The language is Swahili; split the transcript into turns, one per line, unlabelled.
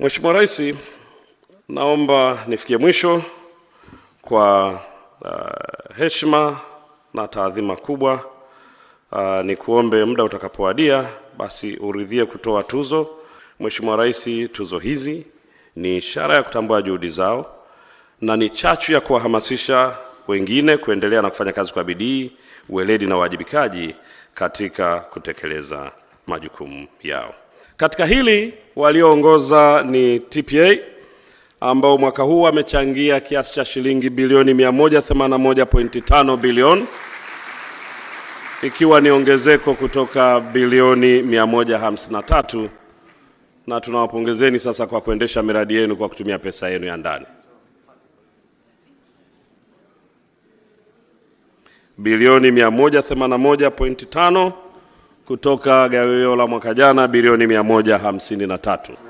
Mheshimiwa Rais, naomba nifikie mwisho kwa uh, heshima na taadhima kubwa uh, ni kuombe muda utakapowadia basi uridhie kutoa tuzo. Mheshimiwa Rais, tuzo hizi ni ishara ya kutambua juhudi zao na ni chachu ya kuwahamasisha wengine kuendelea na kufanya kazi kwa bidii, weledi na uwajibikaji katika kutekeleza majukumu yao. Katika hili walioongoza ni TPA ambao mwaka huu wamechangia kiasi cha shilingi bilioni 181.5 bilioni ikiwa ni ongezeko kutoka bilioni 153 na tunawapongezeni sasa kwa kuendesha miradi yenu kwa kutumia pesa yenu ya ndani. Bilioni 181.5 kutoka gawio la mwaka jana bilioni 153.